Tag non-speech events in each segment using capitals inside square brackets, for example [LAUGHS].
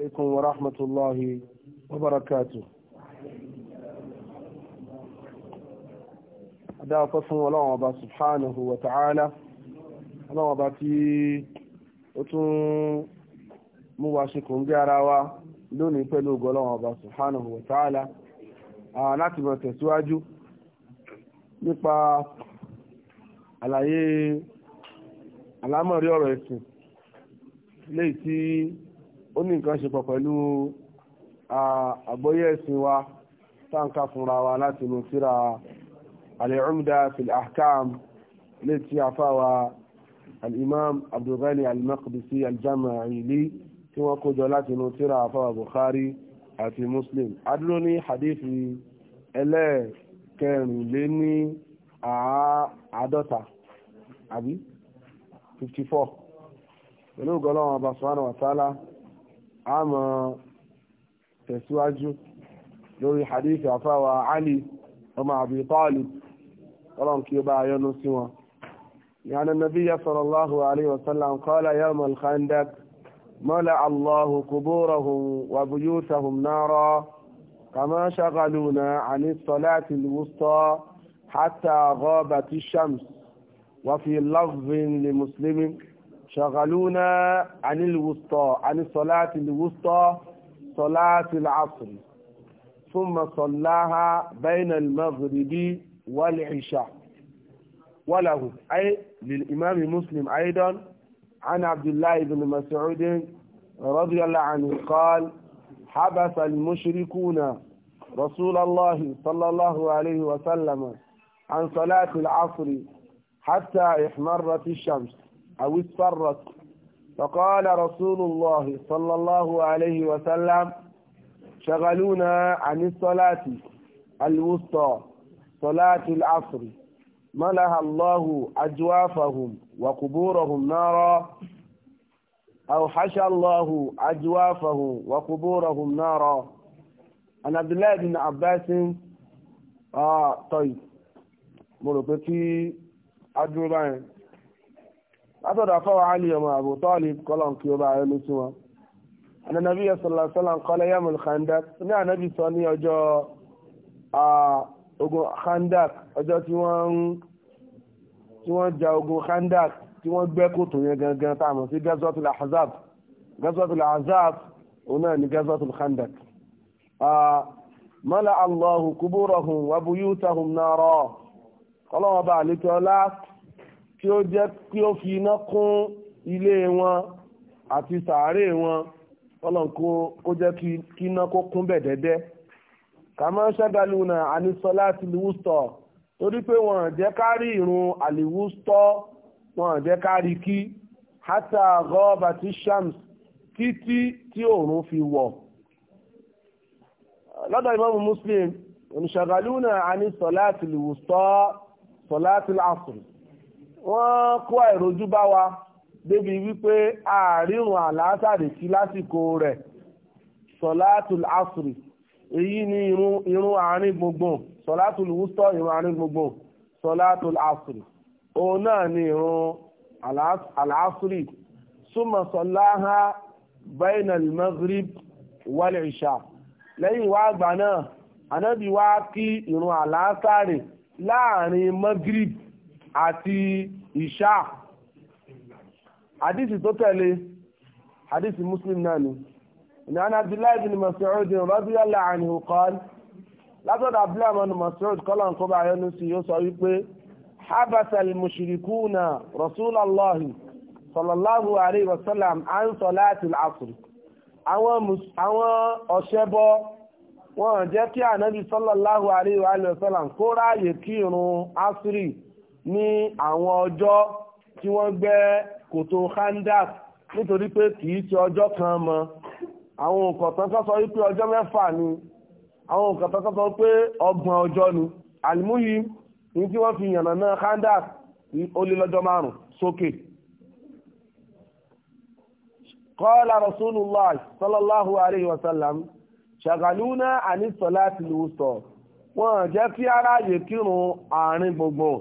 عليكم ورحمة الله وبركاته أداء قسم الله أبا سبحانه وتعالى الله أبا تي أتون مواشكم جاراوا lónìí pẹ̀lú ọgọ́lọ́wọ́ ọba subhanahu wa ta'ala láti bọ̀ tẹ̀síwájú nípa àlàyé àlámọ̀rí ọ̀rọ̀ ẹ̀sìn léyìí tí ó ní nǹkan ṣe pọ̀ pẹ̀lú àgbọ́yé ẹ̀sìn wa táǹkà fúnra wa láti mú síra al-Umda fil Ahkam lè ti àfáwa al-Imam Abdul Ghani al-Maqdisi al-Jamaili tí wọ́n kójọ láti mú síra àfáwa Bukhari àti Muslim adúró ní hadithi ẹlẹ́ẹ̀kẹrìnléní àádọ́ta àbí 54 pẹ̀lú ọgọ́lọ́wọ́n ọba sọ́hánà wàtálá a máa tẹ̀síwájú lórí hadith àfáwà Ali ọmọ Abi Talib ọlọ́run kí ó bá yọ́nú sí wọn يعني النبي صلى الله عليه وسلم قال يوم الخندق ملأ الله قبورهم وبيوتهم نارا كما شغلونا عن الصلاة الوسطى حتى غابت الشمس وفي لفظ لمسلم شغلونا عن الوسطى عن الصلاة الوسطى صلاة العصر ثم صلاها بين المغرب والعشاء وله أي للإمام مسلم أيضا عن عبد الله بن مسعود رضي الله عنه قال حبس المشركون رسول الله صلى الله عليه وسلم عن صلاة العصر حتى احمرت الشمس أو اصفرت فقال رسول الله صلى الله عليه وسلم شغلونا عن الصلاة الوسطى صلاة العصر ملها الله أجوافهم وقبورهم نارا أو حشى الله أجوافهم وقبورهم نارا عن عبد الله بن عباس آه طيب مرقتي أجوبين látọ̀dọ̀ afọ́wà alì ọmọ Abu Talib kọlọ̀n kí ó bá rẹ̀ lóṣù wọn ananabi sallallahu alaihi wasallam qala yamul khandak ní ànábì sọ ní ọjọ́ ogun khandak ọjọ́ tí wọ́n ja ogun khandak tí wọ́n gbẹ́ kòtò yẹn gangan tá sí gazatul ahzab gazatul ahzab òun khandak mala allahu kuburahum wa buyutahum nara kọlọ́wọ́ bá àlékè kí ó jẹ́ kí ó fi iná kún ilé wọn àti sàárè wọn ọlọ́run kó jẹ́ kí iná kó kún bẹ̀ dẹ́dẹ́ kàmá ṣàgàlù náà ànisọ́lá àti lùwùsọ̀ torí pé wọn jẹ́ ká rí ìrun àlìwùsọ̀ wọn jẹ́ ká kí hátà gọ́ọ̀bà tí shams títí tí òòrùn fi wọ̀ lọ́dọ̀ ìmọ̀mù muslim ìṣàgàlù náà ànisọ́lá àti lùwùsọ̀ sọ̀lá àti làásùrù wọ́n kó àìrójú bá wa débi wípé àárírun àlásàrè kí lásìkò rẹ̀ sọ̀látùl asri èyí ni irun àárín gbùngbùn sọ̀látùl wústọ̀ irun àárín gbùngbùn sọ̀látùl asri òun náà ni irun àlásìrì súnmọ̀ sọ̀láhà bainal maghrib wal isha lẹ́yìn wá àgbà náà anábì wá kí irun àlásàrè láàrin maghrib àti ìṣá àdìsí tó tẹ̀lé àdìsí muslim náà ni ìnáwó abdullahi bin Mas'ud radiyallahu anhu qala látọ̀dọ̀ abdullahi bin Mas'ud kọ́lá ń kọ́ba ayọ́nu sí yóò sọ wípé habasal na rasulallah sallallahu alayhi wa sallam an salatil asr awon ọ̀ṣẹ́bọ won je ki anabi sallallahu alayhi wa sallam kó ráàyè kírun asri ní àwọn ọjọ́ tí wọ́n gbẹ́ kòtò khandak nítorí pé kì í ṣe ọjọ́ kan mọ́ àwọn òǹkọ̀tàn kan sọ wípé ọjọ́ mẹ́fà ni àwọn òǹkọ̀tàn kan sọ pé ọgbọ̀n ọjọ́ ni àlùmúyí ní tí wọ́n fi yànnà náà khandak ó lé lọ́jọ́ márùn sókè. قال رسول الله صلى الله عليه وسلم شغلونا عن الصلاة الوسطى wọ́n jẹ́ kí aráyè kírun àárín gbùngbùn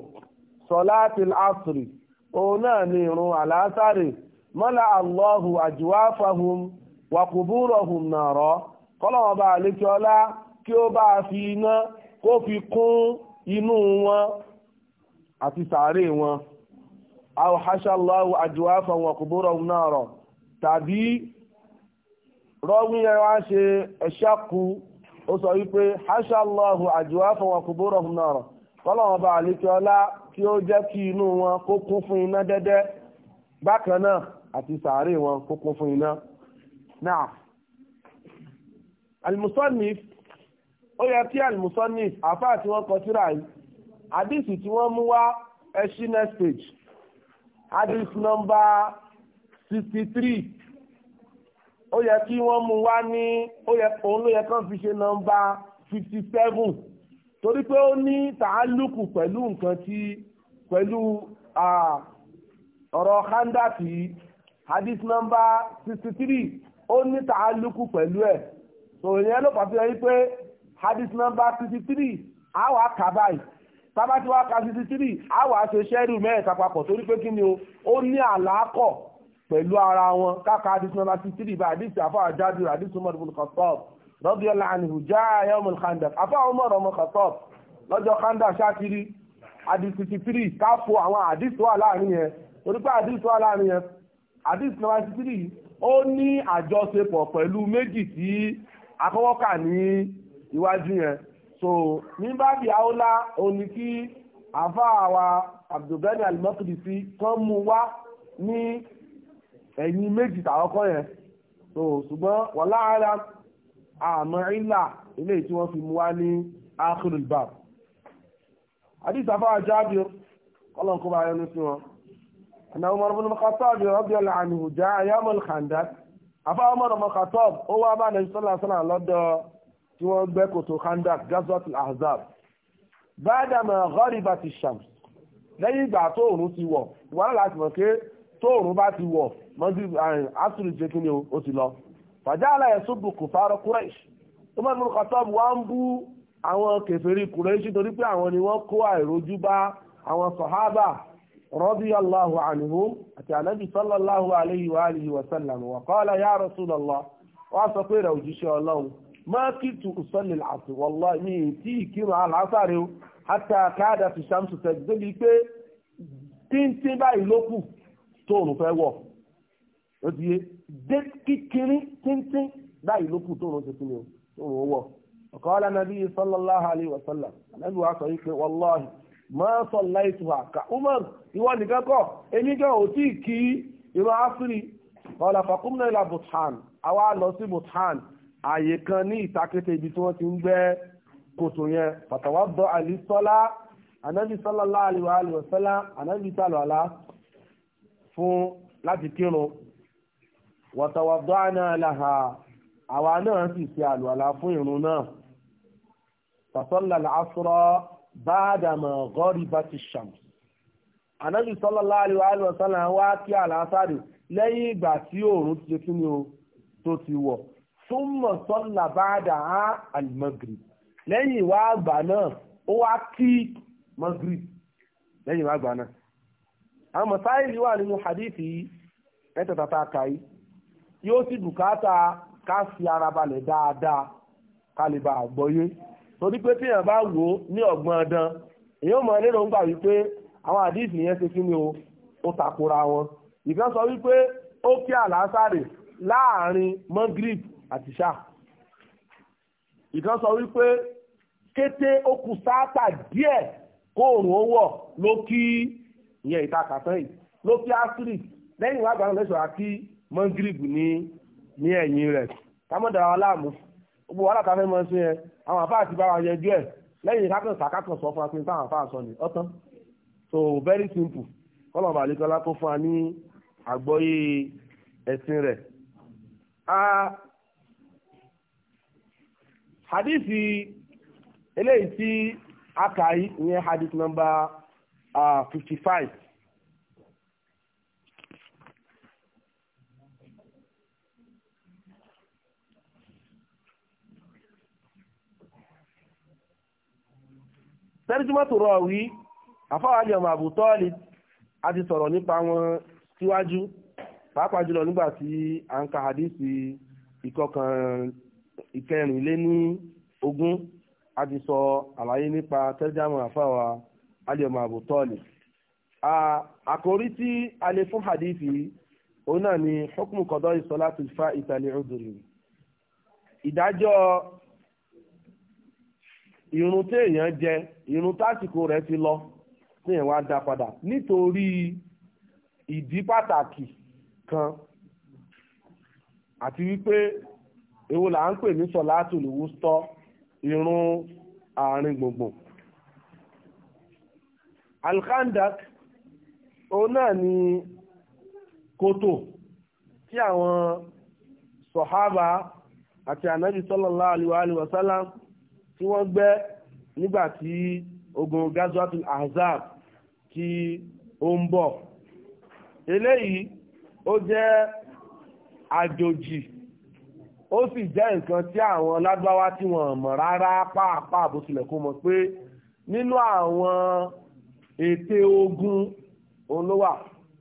sọláàtìl asri òun náà ni ìrun àlásàrè mọ́lá allahu àjùwáfàhùn wàkùbúrọ̀hùn nàrọ̀ kọ́lọ́wọ́n bá àlékè ọlá kí ó bá fi iná kó fi kún inú wọn àti sàárè wọn àwòháṣàlọ́wọ́ àjùwáfàhùn wàkùbúrọ̀hùn nàrọ̀ tàbí rọ́wí yẹn wá ṣe ẹ̀ṣẹ́kù ó sọ wípé háṣàlọ́wọ́ àjùwáfàhùn wàkùbúrọ̀hùn nàrọ̀ kọ́lọ́wọ́n bá àlékè ọlá kí ó jẹ́ kí inú wọn kó kún fún iná dẹ́dẹ́ bákan náà àti sàárè wọn kó kún fún iná. náà alimusonif ó yẹ kí alimusonif àfáà tí wọ́n kọ síra yìí àdìsí tí wọ́n mú wá ẹṣí next page àdìsí sixty three ó yẹ kí wọ́n mú wá ní òun ló yẹ kán fi ṣe nọ́mbà fifty seven torí pé ó ní tàálùkù pẹ̀lú nǹkan tí pẹ̀lú ọ̀rọ̀ khandaki hadith number sixty three ó ní tàálùkù pẹ̀lú ẹ̀ sọ̀rọ̀ yẹn ló pàṣẹ yìí pé hadith number sixty three àwa kàbáyì tábàtí wàá ka sixty three àwa ṣe ṣẹ́rù mẹ́ẹ̀ta papọ̀ torí pé kí ni o ó ní àlàkọ̀ pẹ̀lú ara wọn káka hadith number sixty three bá hadith àfọ àjáde hadith umar ibn radiyallahu anhu jaa yawmul khandaq afá Umar ọmọ Khattab lọ́jọ́ khandaq ṣáàkiri àdìs 53 káfọ àwọn àdìs wà láàrin yẹn torí pé àdìs wà láàrin yẹn àdìs 93 ó ní àjọṣepọ̀ pẹ̀lú méjì tí akọ́wọ́kà ní iwájú yẹn so ní bábí aola òní kí àfá àwa Abdulgani al-Maqdisi kan mú wá ní ẹ̀yìn méjì tàwọ́kọ́ yẹn so ṣùgbọ́n wọ́n láàárá àmọ́ ìlà ilé tí wọ́n fi mú wá ní akhirul bab hadith afáwà Jabir ọlọ́run kó bá yẹnu sí wọn ana Umar ibn Khattab radiyallahu anhu já ayamul Khandaq afáwà Umar ibn Khattab ó wá bá nàìjíríà sọ́lá sọ́lá lọ́dọ̀ tí wọ́n gbẹ́ kòtò Khandaq gazwatul Ahzab ba'dama gharibati shams lẹ́yìn ìgbà tóòrùn ti wọ̀ fàjáàlá yasubu kufara kúrẹ́ṣì Umar ibn Khattab wá ń bú àwọn kèfèrí kúrẹ́ṣì torí pé àwọn ni wọ́n kó àìrójú bá àwọn sọ̀hábà radiyallahu anhum àti ànábì sallallahu alayhi wa alihi wa sallam wa qala ya rasulallah wọ́n sọ pé rẹ̀ òjíṣẹ́ ọlọ́run ma kitu usalli al-asr wallahi mi tí ìkírun àlásàrè o káàdà fi ṣàmùsù tẹ̀gbẹ́bí pé tíntín báyìí ló kù fẹ́ wọ̀ ó ti yé dé kíkiri tíntín báyìí ló kù tó rún tuntun yẹn tó rún wọ. ọ̀kọ́lá nàbí sallallahu alayhi wa sallam nàbí wàá sọ yìí pé wallahi máa sọ láìsù àkà umar ìwọ nìkan kọ́ èmi gan ò tí ì kí irun áfírí ọ̀là fàkúmùnà ìlà bùtán àwa lọ sí bùtán àyè kan ní ìtakété ibi tí wọ́n ti ń gbẹ́ kòtò yẹn fàtàwà bọ́ àlìsọ́lá anábì sallallahu alayhi wa sallam anábì sálọ̀ àlá fún láti kírun wàtàwàdọ́ànà aláha àwa náà sì ṣe àlùwàlá fún ìrun náà fasọ́lá àṣọ́rọ̀ báàdàmọ̀ gọ́rí bá ti ṣàm anábì sallallahu alaihi wa sallam wá kí àlàáfàdì lẹ́yìn ìgbà tí òòrùn ti ṣe kíni o tó ti wọ̀ súnmọ̀ sọ́lá báàdà á al lẹ́yìn ìwà àgbà náà ó wá kí maghrib lẹ́yìn ìwà àgbà náà àwọn mọ̀sáìlì wà nínú hadith yìí ẹ̀tẹ̀tàtà kàí yóò sì bùkátà ká fi ara balẹ̀ dáadáa ká lè bá àgbọ́yé torí pé téèyàn bá wò ó ní ọ̀gbọ́n ọdán èyàn mọ̀ nínú ń gbà wípé àwọn àdíìsì yẹn ṣe kí ni o ó takora wọn ìkan sọ wípé ó kí àlásàrè láàrin mongrib àti ṣáà ìkan sọ wípé kété ó kù sáátà díẹ̀ kóòrùn ó wọ̀ ló kí ìyẹn ìtakàtàn yìí ló kí áṣírì lẹ́yìn ìwádìí àwọn ọlẹ́ṣọ̀ọ́ àti mọ́ngírìbù ní ní ẹ̀yìn rẹ̀ kámọ́dàrà aláàmú gbogbo wàhálà tá a fẹ́ mọ́ sí yẹn àwọn àfáà ti bá wa yanjú ẹ̀ lẹ́yìn kákan sàkákan sọ fún wa táwọn àfáà sọ ni ọ̀tán so very simple kọ́lọ̀ bàlíkọ́lá kó fún wa ní àgbọ́yé ẹ̀sìn rẹ̀. hadithi eléyìí tí a kà yìí ìyẹn hadith number ah, fifty five. tẹ́rìjúmọ́tò rọ̀ wí àfáwálì ọmọ àbútọ́ọ̀lì a ti sọ̀rọ̀ nípa wọn síwájú pàápàá jùlọ nígbà tí a ń ka hadisi ìkọkàn ìkẹrin lé ní ogún a ti sọ àlàyé nípa tẹ́rìjúmọ́ àfáwà alì ọmọ àbútọ́ọ̀lì àkórí tí a lè fún hadisi òun náà ni hukmu qada'i salati al-fa'ita li udri ìdájọ́ irun téèyàn jẹ irun tásìkò rẹ̀ ti lọ téèyàn wá dá padà nítorí ìdí pàtàkì kan àti wípé èwo là ń pè ní sọ̀láàtù lùwústọ́ irun àárín gbùngbùn alkhandak òun náà ni kòtò tí àwọn sọ̀hábà àti ànábì sallallahu alaihi wa sallam tí wọ́n gbẹ́ nígbà tí ogun gazawatul ahzab tí ó ń bọ̀ eléyìí ó jẹ́ àjòjì ó sì jẹ́ nǹkan tí àwọn lágbáwá tí wọ́n mọ̀ rárá pàápàá bó tilẹ̀ kó mọ̀ pé nínú àwọn ète ogun òun ló wà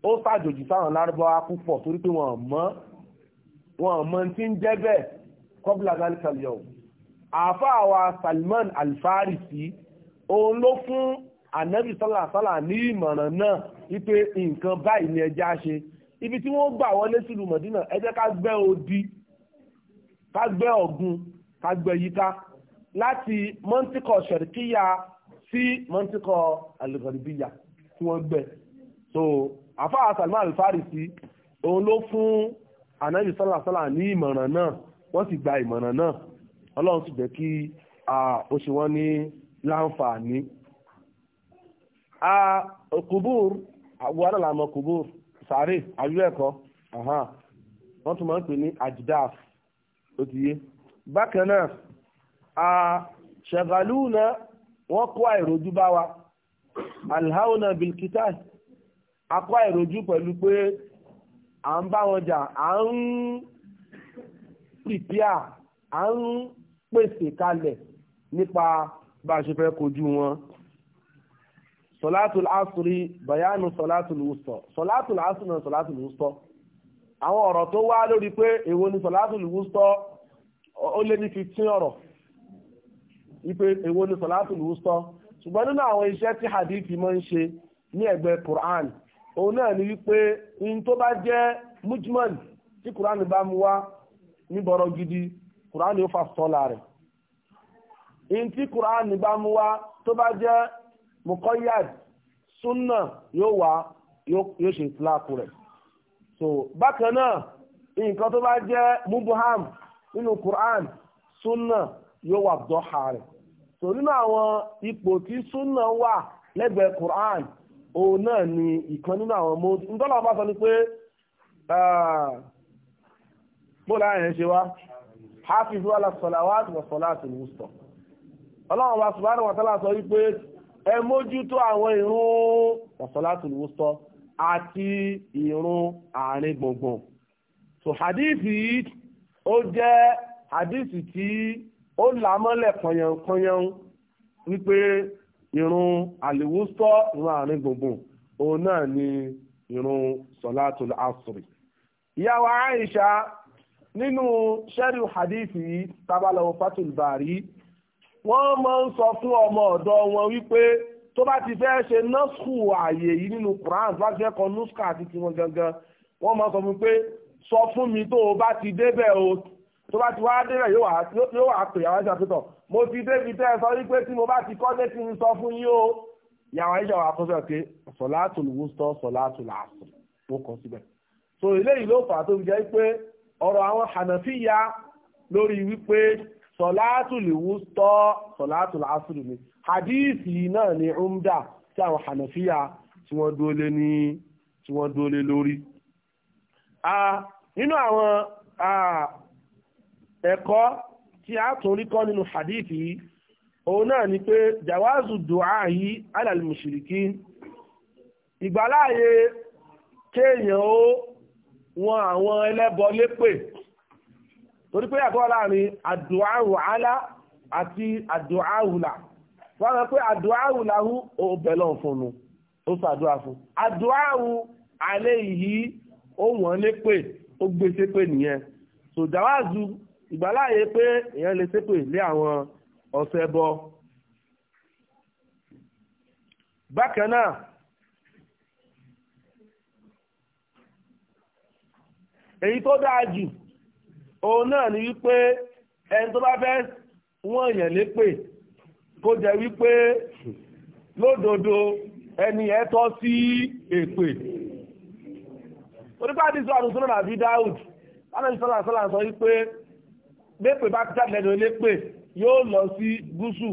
ó ṣàjòjì sáwọn lárúbáwá púpọ̀ torí pé wọ́n mọ̀ wọ́n mọ̀ tí ń jẹ́ bẹ́ẹ̀ kọ́bílà gáníkàlì ọ̀hún àáfàá wa Salman Al-Farisi òun ló fún ànábì sọ́là sọ́là ní ìmọ̀ràn náà wípé nǹkan báyìí ni ẹja ṣe ibi tí wọ́n gbà wọlé sílùú Mọ̀dínà ẹ jẹ́ ká gbẹ́ odi ká gbẹ́ ọ̀gùn ká gbẹ́ yíká láti mọ́ntíkọ̀ ṣẹ̀ríkíyà sí mọ́ntíkọ̀ àlùkọ̀rìbíyà tí wọ́n gbẹ́ so àfáà Salman Al-Farisi òun ló fún ànábì sọ́là sọ́là ní ìmọ̀ràn náà wọ́n sì gba ìmọ̀ràn náà ọlọ́run sì jẹ́ kí ó ṣe wọ́n ní láǹfààní. kùbúr àwọn alàlámọ̀ kùbúr sàárè àyúrẹ́kọ́ wọ́n tún máa ń pè ní ajdaf ó ti yé bákan náà a ṣàgàlù náà wọ́n kó àìrójú bá wa alhauna bilkitai a kó àìrójú pẹ̀lú pé à ń bá wọn jà à ń pìpíà à ń pèsè kalẹ̀ nípa bá a ṣe fẹ́ kojú wọn sọlátùl asùrí bayanu sọlátùl wùsọ sọlátùl asùrí náà sọlátùl wùsọ àwọn ọ̀rọ̀ tó wá lórí pé èwo ni sọlátùl wùsọ ó lé ní fifteen ọ̀rọ̀ ipe èwo ni sọlátùl wùsọ ṣùgbọ́n nínú àwọn iṣẹ́ tí hadith máa ń ṣe ní ẹ̀gbẹ́ Qur'an òun náà ni wípé in tó bá jẹ́ mujmal tí Qur'an bá mu wá ní bọ̀rọ̀ gidi kùránì ó fa sọ́la rẹ̀ in tí kùránì bá mú wá tó bá jẹ́ mukoyad sunna yóò wá yóò ṣe ìtìláàkù rẹ̀ so bákan náà nǹkan tó bá jẹ́ mubuham nínú sunna yóò wà dọ́ha rẹ̀ so nínú àwọn ipò tí sunna wà lẹ́gbẹ̀ẹ́ òun náà ni ìkan àwọn mọ́tò sọ ni pé bó ṣe wá hafizu ala salawat wa salatul wusta ọlọ́run wa subhanahu wa ta'ala sọ wípé ẹ mójútó àwọn ìrun wa salatul wusta àti ìrun àárín gbùngbùn so hadithi ó jẹ́ hadithi tí ó làmọ́lẹ̀ kọ̀yànkọ̀yàn wípé ìrun àlìwúsọ ìrun àárín gbùngbùn òun náà ni ìrun salatul asri ìyá wa Aisha nínú sẹ́rí hadithi yìí tábàlọ́wọ́ fatul bari wọ́n máa ń sọ fún ọmọ ọ̀dọ́ wọn wípé tó bá ti fẹ́ ṣe nọ́sùkù ààyè yìí nínú Quran fásitì kan nùsùkà àti tiwọn gangan wọ́n máa sọ fún pé sọ fún mi tó o bá ti débẹ̀ o tó bá ti wá débẹ̀ yóò wá pè yàrá ìṣàkóso tọ̀ mo ti débi tẹ́ ẹ sọ wípé tí mo bá ti kọ́ dé kí n sọ fún yín o yàrá ìṣàkóso àkọsọ pé sọ̀látùl wústọ̀ sọ̀látùl àsùn mo kọ síbẹ̀ so eléyìí ló fà á tó fi jẹ́ pé ọ̀rọ̀ àwọn hànàfíyà lórí wípé sọ̀látùlì wústọ́ sọ̀látùlì asùlù ni hadithi náà ni umda tí àwọn hànàfíyà tí wọ́n dúólé ní tí wọ́n dúólé lórí nínú àwọn ẹ̀kọ́ tí a tún rí kọ́ nínú hadithi òun náà ni pé jawazu du'a yìí alal mushrikin ìgbàláyé kéèyàn ó wọn àwọn ẹlẹ́bọ lépè torí pé àtọ́wọ́ láàrin àdùáhù alá àti àdùáhùlà wọ́n rẹ̀ pé àdùáhùláhù ó bẹ̀lọ̀ fúnnu ó sàdúrà fún àdùáhù alẹ́ yìí ó wọ́n lépè ó gbé ṣépè nìyẹn so jawazu ìgbàláyé pé èèyàn lè ṣépè lé àwọn ọ̀sẹ̀ bọ bákan náà èyí tó dáa jù òun náà ni wípé ẹni tó bá fẹ́ wọ́n èèyàn lépè kó jẹ́ wípé lódodo ẹni ẹ tọ́ sí èpè onípa àdìsọ àdùsọ́nà àbí dáhùd alẹ́sọ́lá sọ́lá sọ wípé lépè bá jáde lẹ́nu elépè yóò lọ sí gúúsù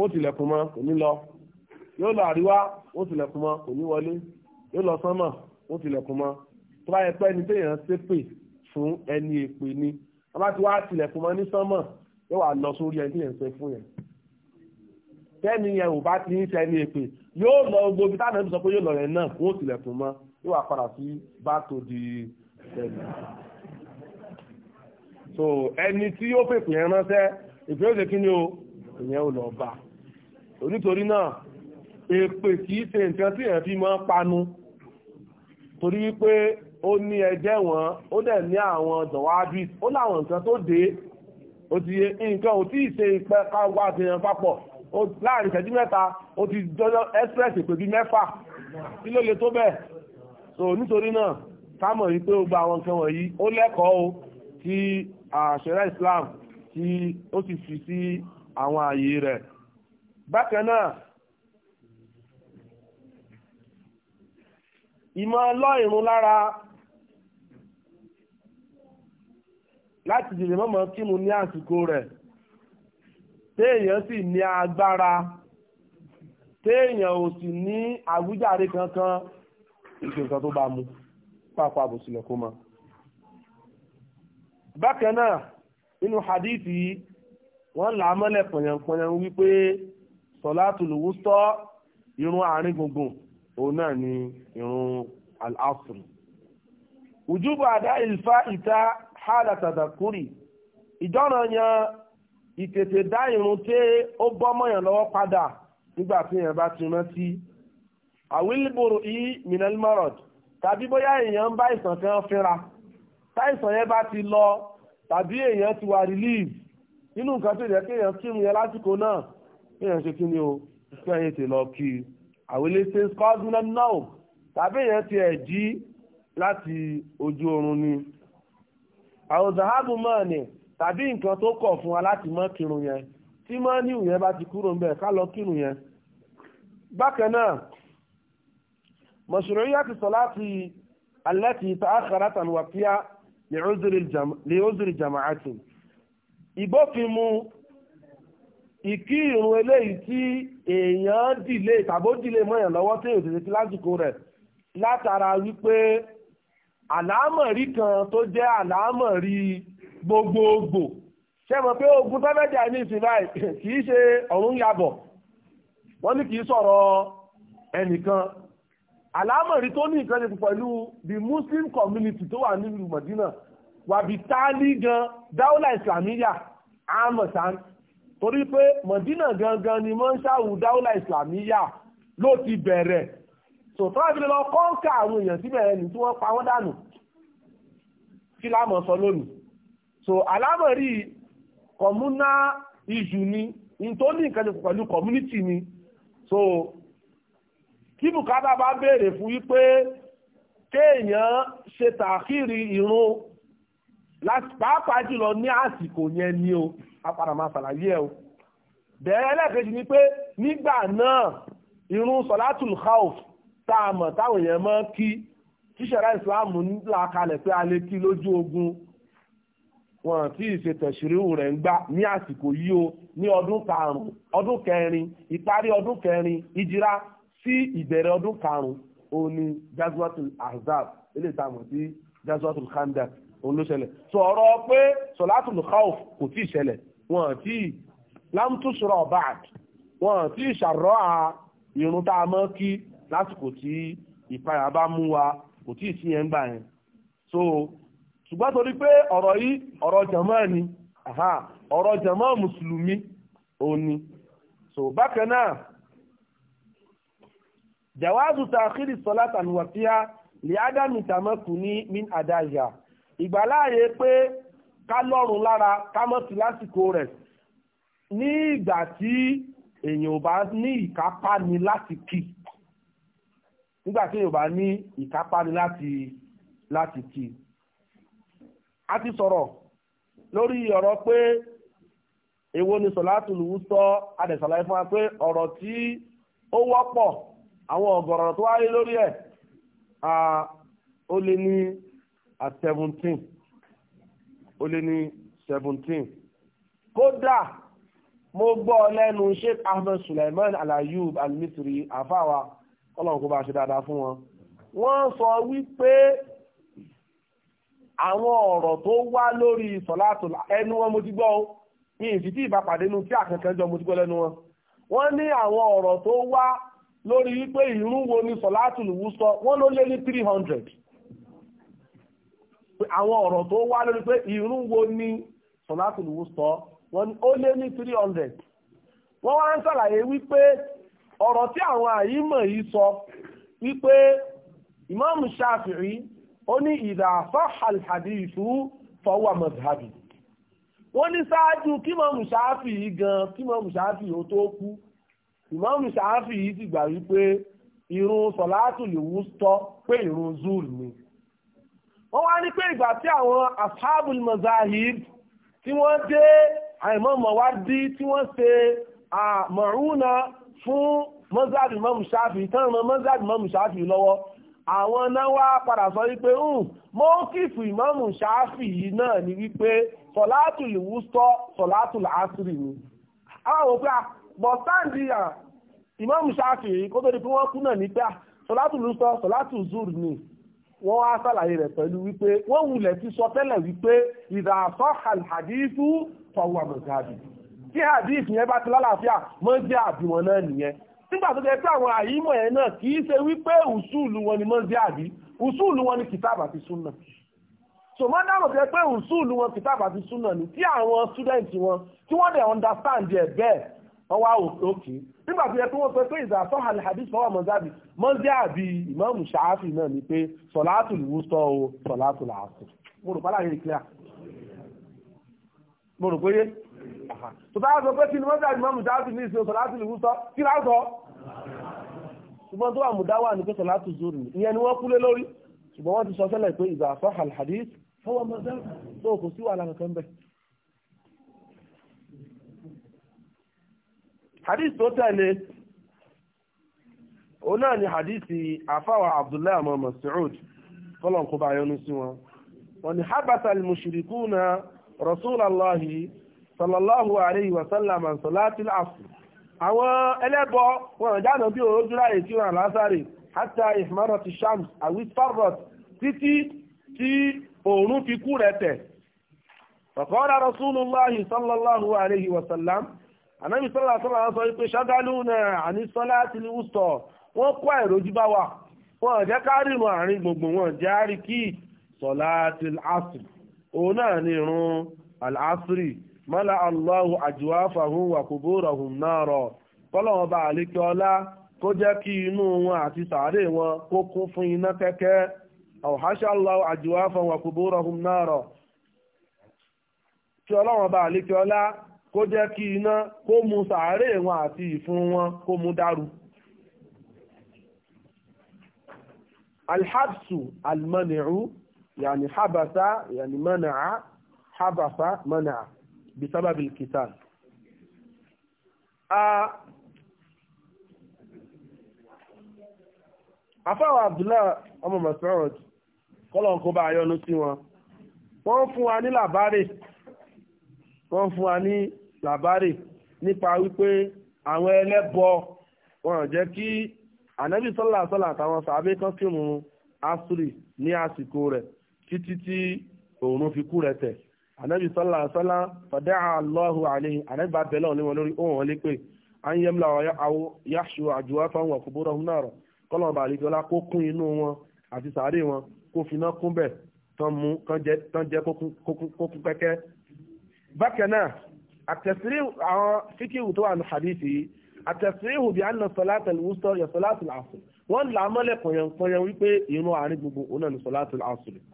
ó tilẹ̀kùn mọ́ kò lọ yóò lọ àríwá mọ́ kò lọ sánmà tó bá yẹ pé ẹni téèyàn ṣépè fún ẹni èpè ni wọ́n bá ti wá tilẹ̀kùn mọ́ ní sánmọ̀ yóò wá lọ sórí ẹni téèyàn ṣe fún yẹn tẹ́ni yẹn ò bá ti ń ṣe ẹni èpè yóò lọ gbogbo ibi táwọn ẹni sọ pé yóò lọ yẹn náà wọ́n ò tilẹ̀kùn mọ́ yóò wá padà sí báàtò di ẹni. so ẹni tí yóò fèpè yẹn ránṣẹ́ ìfẹ́ òṣè kí ni o ìyẹn ò lọ bá onítorí náà èpè kì í ṣe nǹkan tí èèyàn fi máa ń panu torí wípé ó ní ẹjẹ́ wọn ó dẹ̀ ní àwọn dọ̀wádìs ó láwọn nǹkan tó dé ó ti yé nǹkan ò tí ì ṣe ìpẹ́ káwá ti yan papọ̀ láàrin ìṣẹ́jú mẹ́ta ó ti jọjọ́ express ìpè bíi mẹ́fà kí ló le tó bẹ́ẹ̀ so nítorí náà kámọ̀ yìí pé ó gba àwọn nǹkan wọ̀nyí ó lẹ́kọ̀ọ́ o tí àṣẹrẹ́ Islam tí ó ti fi sí àwọn ààyè rẹ̀ bákan náà ìmọ̀ ọlọ́ ìrún lára láti jèrè mọ́mọ́ kí mu ní àsìkò rẹ̀ téèyàn sì ní agbára téèyàn ò sì ní àwíjàre kankan ìṣe tó bá mu pàápàá àbòsílẹ̀ kó mọ́. bákan náà nínú hadithi yìí wọ́n là á mọ́lẹ̀ pọ̀yànpọ̀yàn wípé sọ̀látùl wústọ́ irun àárín gbùngbùn òun náà ni irun al-asr. wujubu àdá ìlfà ìta hálà tàdàkúrì ìjọ́ràn yan ìtètè dá irun tí ó bọ́mọ̀yàn lọ́wọ́ padà nígbà tí èèyàn bá ti rántí àwílìbòrò yìí minel marod tàbí bóyá èèyàn ń bá ìsàn kan fínra táìsàn yẹn bá ti lọ tàbí èèyàn ti wà relief nínú nǹkan tó yẹ kí èèyàn kírun yẹn lásìkò náà kí èèyàn ṣe kí ni o kí èèyàn ti lọ kí àwílé ṣe scotland náà tàbí èèyàn ti ẹ̀ jí láti ojú oorun ni. àwọn zahabu mọ́ ni tàbí nǹkan tó kọ̀ fún wa láti mọ́ kírun yẹn tí mọ́ ní ìyẹn bá ti kúrò ńbẹ̀ ká lọ kírun yẹn. bákan náà mashru'iyyatu ti allati ta'akhkharat an waqi'a li uzri jama'ati. ìbófinmu ìkí ìrun eléyìí tí èèyàn dìlé tàbó dìlé mọ́yàn lọ́wọ́ tí èèyàn tètè lásìkò rẹ̀ látara wípé àlámọ̀rí kan tó jẹ́ àlámọ̀rí gbogbogbò ṣé mọ̀ pé ogun tọ́mẹ́jà ní ìsìn báyìí [LAUGHS] kì í ṣe ọ̀run yabọ̀ wọ́n ní kì í sọ̀rọ̀ ẹnìkan àlámọ̀rí tó ní nǹkan ṣe pẹ̀lú the muslim community tó wà nílùú Mọ̀dínà wàbí táálí gan dáúlà ìsìlámíyà àmọ̀sán torí pé Mọ̀dínà gangan ni mọ́ńsáwù dáúlà ìsìlámíyà ló ti bẹ̀rẹ̀ so tó àbílẹ̀ lọ kọ́ńkà àwọn èèyàn síbẹ̀ ẹni tí wọ́n pa wọ́n dànù kí lámọ̀ sọ lónìí so alámọ̀rí kọ̀múná ìjù ni in tó ní nǹkan pẹ̀lú community ni so kí bùkátà bá béèrè fún wípé kéèyàn ṣe tàkìrì ìrun láti pàápàá jùlọ ní àsìkò yẹn ni o apàdàmà ṣàlàyé ẹ o bẹ̀rẹ̀ ẹlẹ́ẹ̀kejì ni pé nígbà náà ìrun sọ̀látùl khawf tá a mọ̀ táwọn èèyàn mọ́ kí tíṣẹ̀rá ìsìláàmù ńlá kalẹ̀ pé a lè kí lójú ogun wọn tí ìṣètẹ̀síríwù rẹ̀ ń gbà ní àsìkò yìí o ní ọdún karùn-ún ọdún kẹrin ìparí ọdún kẹrin ìjìrá sí ìbẹ̀rẹ̀ ọdún karùn-ún òun ni jazwatul azab eléyìí tá a mọ̀ sí jazwatul khandak òun ló ṣẹlẹ̀ sọ ọ̀rọ̀ pé sọ̀látùlù khawf kò tí ì ṣẹlẹ̀ wọn tí lamtusrọ̀ bad wọn tí ì ṣàrọ̀ à irun tá a mọ́ kí lásìkò tí ìpayà bá mú wa kò tí ì yẹn gbà yẹn so ṣùgbọ́n torí pé ọ̀rọ̀ yìí ọ̀rọ̀ jàmọ́ ni ọ̀rọ̀ jàmọ́ mùsùlùmí òní so bákan náà jawazu ta'khiri salata an waqtiha li adami tamakuni min adaya ìgbàláàyè pé ká lọ́rùn lára ká mọ́ sí lásìkò rẹ̀ ní ìgbà tí èèyàn bá ní ìkápá ni láti kí i nígbà tí yorùbá ní ìkápá ni láti láti kí a ti sọ̀rọ̀ lórí ọ̀rọ̀ pé èwo ni sọ̀látù lùú sọ adẹ̀sàlàyé fún wa pé ọ̀rọ̀ tí ó wọ́pọ̀ àwọn ọ̀gọ̀rọ̀ tó wáyé lórí ẹ̀ ó lé ní seventeen ó lé ní seventeen kódà mo gbọ́ lẹ́nu Sheikh Ahmed Suleiman Alayub Al-Misri àfáwa. Al kọ́lọ́run kó bá ṣe dáadáa fún wọn. wọ́n sọ wípé àwọn ọ̀rọ̀ tó wá lórí sọ̀látò ẹnu wọn mo ti gbọ́ o ní ìfìtí ìbápàdé nu tí àkànkàn jọ mo ti gbọ́ lẹ́nu wọn. wọ́n ní àwọn ọ̀rọ̀ tó wá lórí wípé ìrun ni sọ̀látò lùwú sọ wọ́n ló lé ní three hundred. àwọn ọ̀rọ̀ tó wá lórí pé ìrun wo ni sọ̀látò lùwú sọ wọ́n ó lé ní three hundred. wọ́n wá ń ṣàlàyé wípé ọ̀rọ̀ tí àwọn àyímọ̀ yìí sọ wípé ìmáàmù ṣáfìrí ó ní ìdá sahal hadithu fahuwa madhhabi wọ́n ní sáájú kí ìmáàmù ṣáfìrí gan kí ìmáàmù ṣáfìrí ó tó kú ìmáàmù ṣáfìrí ti gbà wípé irun sọ̀látù lè wú tọ́ pé irun zul ni wọ́n wá ní pé ìgbà tí àwọn ashabul mazahib tí wọ́n dé àìmọ́mọ̀ wá dí tí wọ́n ṣe àmọ̀rúnà ah, fún mọ́sáàbì mọ́mù ṣáàfì tán ran mọ́sáàbì mọ́mù ṣáàfì lọ́wọ́ àwọn náà wá padà sọ wípé mọ́kìfù ìmọ́mù ṣáàfì yìí náà ni wípé sọ̀látù lìwústọ́ sọ̀látù làásìrì ni. àwọn òpin àbọ̀sáǹdì ìmọ́mù ṣáàfì yìí kó tó di pé wọ́n kú náà ní pé ah, sọ̀látù lìwústọ́ sọ̀látù zúr ni wọ́n wá sàlàyé rẹ̀ pẹ̀lú wípé wọ́n wulẹ̀ ti sọ tẹ́lẹ̀ wípé ìdàsọ́ àlhàdíìsù fọwọ́ àmọ̀gáàbì tí hadith yẹn bá ti lálàáfíà mọ́sí àbí wọn náà nìyẹn nígbà tó jẹ́ pé àwọn àyímọ̀ yẹn náà kì í ṣe wípé ùsùlù wọn ni mọ́sí àbí ùsùlù wọn ni kìtàbù àti súnà so mọ́ dáàbò jẹ́ pé ùsùlù wọn kìtàbù àti súnà ni tí àwọn student wọn tí wọ́n dẹ̀ understand ẹ̀ bẹ́ẹ̀ wọ́n wá òkè nígbà tó yẹ kí wọ́n sọ pé ìzàsọ́ alhadis fọwọ́ mọ́sáàbì mọ́sáàbì ìmáàmù ṣááfì náà ni pé sọ̀látù lù sọ o sọ̀látù làásù mo rò pálá yìí clear mo rò pé tó bá sọ pé kí ni mọ́tàdì mọ́mù dáàtù ní ìṣe sọ̀látù lè wúsọ kí lá sọ ṣùgbọ́n tó wà mú dáwà ní pé sọ̀látù zuri ìyẹn ni wọ́n kúlé lórí ṣùgbọ́n wọ́n ti sọ tẹ́lẹ̀ pé ìgbà sọ alhadis fọwọ́ mọ́sẹ́ tó kò sí wàhálà kankan bẹ́ẹ̀. hadith tó tẹ̀lé òun náà ni hadithi àfáwà abdullahi ọmọ mas'ud fọlọ́n kó sí wọn wọn ni habata al-mushrikuna rasulallahi sallallahu alayhi wa sallam salatil asr àwọn ẹlẹ́bọ wọn jáde bí òójú láyé tí wọn lásàrè hatta ihmarat shams àwísfàrọt títí tí òòrùn fi kú rẹ̀ tẹ̀ faqala rasulullahi sallallahu alayhi wa sallam ànábì sọ́lá sọ́lá sọ pé ṣágálù náà àní sọ́lá ti ní wùsọ̀ wọ́n kó àìrójú bá wà wọ́n jẹ́ kárìnù àárín gbogbo wọn jẹ́ àríkì sọ́lá ti asr òun náà ní irun al-asri Mala allahu àjùwáfàhún wà kuburahum nara kọ́lọ́wọ́n bá àlékè ọlá kó jẹ́ kí inú wọn àti sàárè wọn kó kún fún iná kẹ́kẹ́ ọ̀háṣá allahu àjùwáfàhún wà kuburahum nara kí ọlọ́wọ́n bá ọlá kó jẹ́ kí iná kó mu sàárè wọn àti wọn kó habasa بسبب القتال àfáwà Abdullah ọmọ Mas'ud kọ́lọ̀n kó bá ayọ́nú sí wọn wọ́n fún wa ní làbárè wọ́n fún wa ní làbárè nípa wípé àwọn ẹlẹ́bọ wọn jẹ́ kí ànábì sọ́là àtàwọn sàábé kan kírun asiri ní àsìkò rẹ̀ títí tí òòrùn fi kú rẹ̀ tẹ̀ anabi sọlá sọlá fàdá àlọ́hu àlẹ́ ànẹ́bà bẹ̀lẹ̀ òní wọn lórí ohun ọ̀lẹ́ pé an yẹm la àwọn yáṣu àjùwá fáwọn ọ̀kúbọ̀rọ̀ náà rọ̀ kọ́lọ̀ bàálí jọlá kó kún inú wọn àti sàárè wọn kó finá kún bẹ̀ tán mú tán jẹ́ kókún kẹ́kẹ́. bákan náà àtẹ̀sírí àwọn fíkìwù tó wà ní hadithi yìí àtẹ̀sírí ìhùbí àná sọláàtì wùsọ yẹ sọláàtì àṣù wọ́n là á mọ́lẹ̀ pọ̀yàn wípé ìrún àárín gbogbo òun náà ní sọláàtì àṣù rẹ̀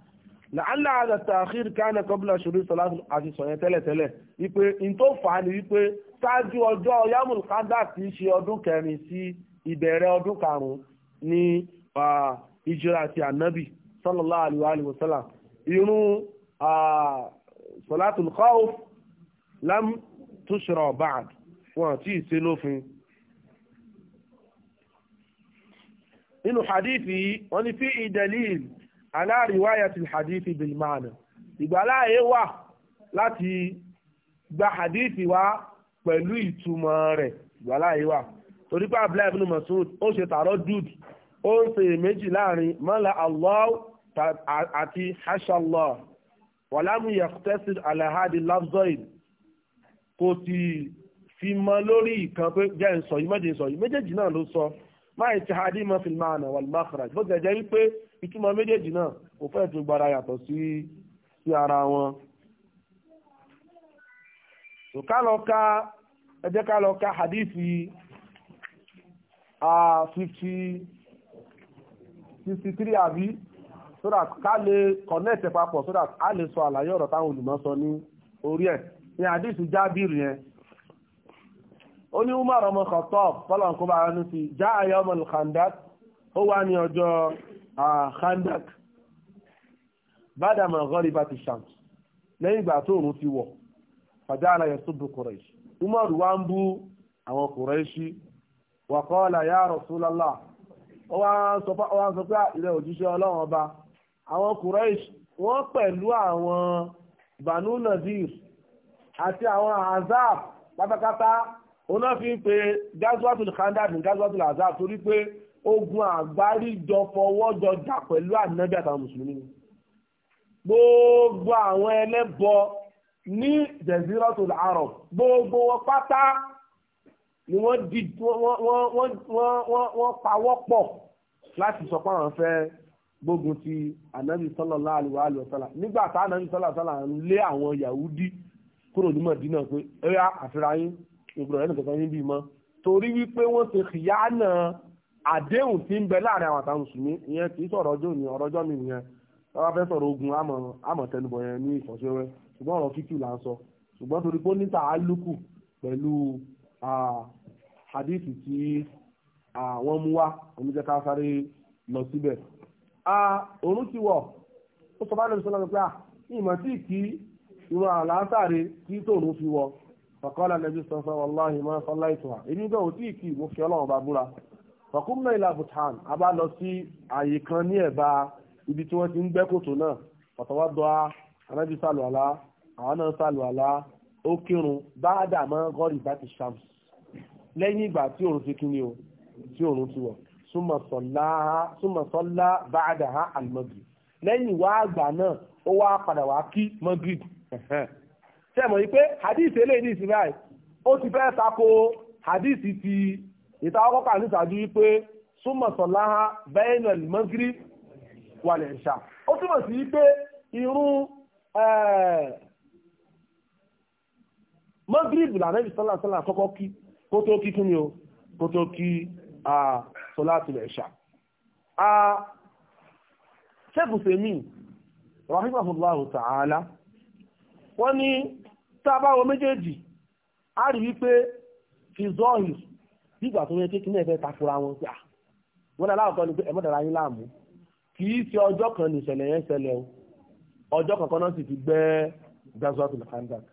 làálà àtàkìr kánà kọ́bílà ṣòro sọlá àti sọ̀yẹn tẹ́lẹ̀tẹ́lẹ̀ wípé n tó fà á ni wípé ṣáájú ọjọ́ yamul kanda ti ṣe ọdún kẹrin sí ìbẹ̀rẹ̀ ọdún karùn-ún ní ìjírà ti ànábì sallallahu alaihi wa sallam irun sọlátùl khawf lam tushra ba'd wọn tí ì nínú hadithi wọ́n ní fi ìdẹ̀lìl ala riwayatil hadithi bil ma'na ìgbàláyé wà láti gba hadithi wa pẹ̀lú ìtumọ̀ rẹ̀ ìgbàláyé wà torí pé abúlé ibn Mas'ud ó ṣe tààrọ́ dud ó ń ṣe méjì láàrin mọ́lá Allah àti hashallah wàlámù yaqtasir ala hadi lafzoid kò sì fi mọ lórí ìkan pé jẹ́ ń sọ yìí méjèèjì náà ló sọ máa ti hadi ma fil ma'na wal makhraj bó ti jẹ́ wípé ìtumọ̀ méjèèjì náà kò fẹ́ tó gbára yàtọ̀ sí sí ara wọn. tó ká lọ ka ẹ ká lọ ka hadithi ah, fifty sixty three àbí so that ká lè connect papọ̀ so that a lè sọ àlàyé ọ̀rọ̀ táwọn olùmọ̀ sọ ní orí ẹ̀ ní hadithi jábìrì yẹn ó ní Umar ọmọ Khattab fọlọ́nkọ́ bá wọn ní sí já àyà ọmọ Khandaq ó wà ní ọjọ́ Ah, khandak bádàmà gọ́ríbà ti ṣàm lẹ́yìn ìgbà tó òun ti wọ̀ fàjá ara yẹn tó bu kùrẹ́ṣì umaru wa ń bú àwọn kùrẹ́ṣì wa qala ya Rasulullah ó wá ń sọ pé ilẹ̀ ah, òjíṣẹ́ ọlọ́run ọba àwọn kùrẹ́ṣì wọ́n pẹ̀lú àwọn banu nazir àti àwọn azab pátápátá oná ń pe gazwatul khandak ní gazwatul azab torí pé ogun àgbáríjọ fọwọ́jọ jà pẹ̀lú ànábì àtàwọn mùsùlùmí gbogbo àwọn ẹlẹ́bọ ní jaziratul arab gbogbo wọn pátá ni wọ́n di wọ́n pawọ́pọ̀ láti sọ pé àwọn fẹ́ gbógun ti ànábì sallallahu alaihi wa sallam nígbà tá ànábì sallallahu alaihi wa sallam ń lé àwọn yahudi kúrò ní Mọ̀dínà pé ẹ̀yà àfihàn yín ìgbọ̀rọ̀ ẹ̀ nìkan yín bíi mọ́ torí wípé wọ́n ti kìyà náà àdéhùn tí ń bẹ láàrin àwọn àtàwọn mùsùlùmí ìyẹn kì í sọ̀rọ̀ ọjọ́ òní ọ̀rọ̀ mi fẹ́ sọ̀rọ̀ ogun àmọ̀tẹnubọ̀ yẹn ní ìfọ̀ṣẹ́wẹ́ ṣùgbọ́n ọ̀rọ̀ fíkì là ń sọ ṣùgbọ́n torí pé ó pẹ̀lú hadithi tí wọ́n mú wá ká sáré lọ síbẹ̀. òun ti wọ̀ ó sọ pé ìmọ̀ tí kí ìwọ̀n àlàáfàre kí fi wọ̀ fi ọlọ́run fọkúnmọ́ ilà bhutan a bá lọ sí àyè kan ní ẹ̀bá ibi tí wọ́n ti ń gbẹ́ kòtò náà ọ̀tọ̀wá dọ́a anábì sàlù àlá àwọn náà sàlù àlá ó kírun báàdà mọ́ gọ́rì bá ti ṣàmù ìgbà tí òun ti kíni o tí òun ti wọ̀ súnmọ̀ sọ́lá báàdà ha àlùmọ́gì lẹ́yìn wá àgbà náà ó wá padà wá kí mọ́gìd tẹ̀mọ̀ yìí pé hadith eléyìí ní ìsinmi àì ó ti fẹ́ tako hadith ti ìta ọkọkọ àti ìṣáájú wípé súnmọ̀ sọ̀láha bẹ́ẹ̀nà mọ́gírí wà lẹ̀ ṣá ó túmọ̀ sí wípé irun mọ́gírí bùlà nẹ́bí sọ́lá sọ́lá kọ́kọ́ kí kó kí kí ni o kó tó kí sọ́lá tilẹ̀ ṣá ṣẹ́kù ta'ala wọ́n ní a nígbà tó yẹ kí kíní ẹ̀fẹ́ takura wọn pé wọn náà láwùjọ ni pé ẹ̀mọ́ dara yín láàmú kì í ṣe ọjọ́ kan ní ìṣẹ̀lẹ̀ yẹn ṣẹlẹ̀ o ọjọ́ kankan náà sì fi gbẹ́ gbazọ́tù handak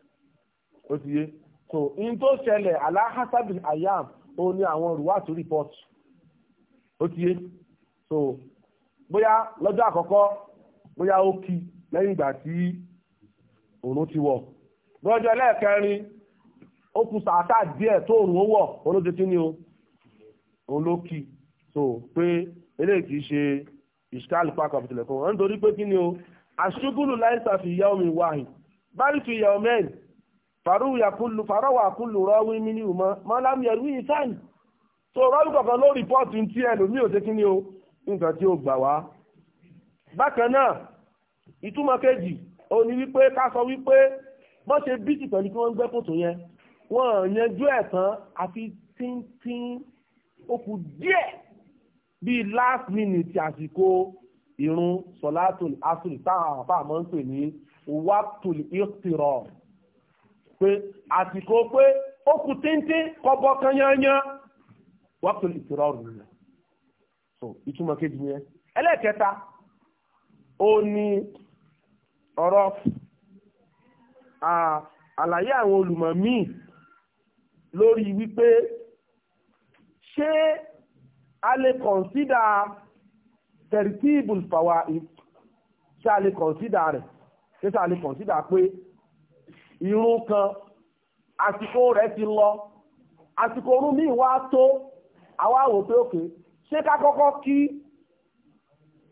ó ti yé so in tó ṣẹlẹ̀ alahasabi ayam ó ní àwọn rúwàtú report ó ti yé so bóyá lọ́jọ́ àkọ́kọ́ bóyá ó kí lẹ́yìn ìgbà tí òun ti wọ̀ bóyá ọjọ́ ẹlẹ́ẹ̀kẹrin ó kù sàátà díẹ̀ tó òrùn ó wọ̀ olóṣèkí ni òun ló kì so pé eléyìí kì í ṣe ìṣkáàlù pákọ̀ àbùtìlẹ̀ kan wọ́n nítorí pé kí ni o àṣùgbùlù láìsà fi ìyá omi wáhì báyìí fi ìyá omi ẹ̀yìn fàrọ̀wà kúlù rọ́wí mínú mọ́ mọ́lámi ẹ̀rú ìsáyìn tó rọ́wí kọ̀ọ̀kan ló rìpọ́ọ̀tì tí ẹlòmí ò ṣe kí ni o nǹkan tí ó gbà wá. bákan náà ìtumọ̀ kejì òní wípé ká sọ wípé bọ́n ṣe bíìtì pẹ̀lú kí wọ́n gbẹ́ kòtò yẹn wọ́n yanjú ẹ̀ tán àfi tíntín ó kù díẹ̀ bíi last minute àsìkò ìrun sọ̀látòl asùlù táwọn àpá àmọ́ ń pè ní wàtòl ìtìrọ̀ pé àsìkò pé ó kù tíntín kọ́bọ́ kan yányán wàtòl ìtìrọ̀ rẹ̀ so ìtumọ̀ kejì yẹn ẹlẹ́ẹ̀kẹta ó ní ọ̀rọ̀ àlàyé àwọn olùmọ̀ míì lórí wípé ṣé a lè kọ̀nsídà tẹ̀rìtìbùl fawaid ṣé a lè kọ̀nsídà rẹ̀ ṣé ṣé a lè kọ̀nsídà pé irun kan àsìkò rẹ̀ ti lọ àsìkò orun míì wá tó àwa wò pé òkè ṣé ká kọ́kọ́ kí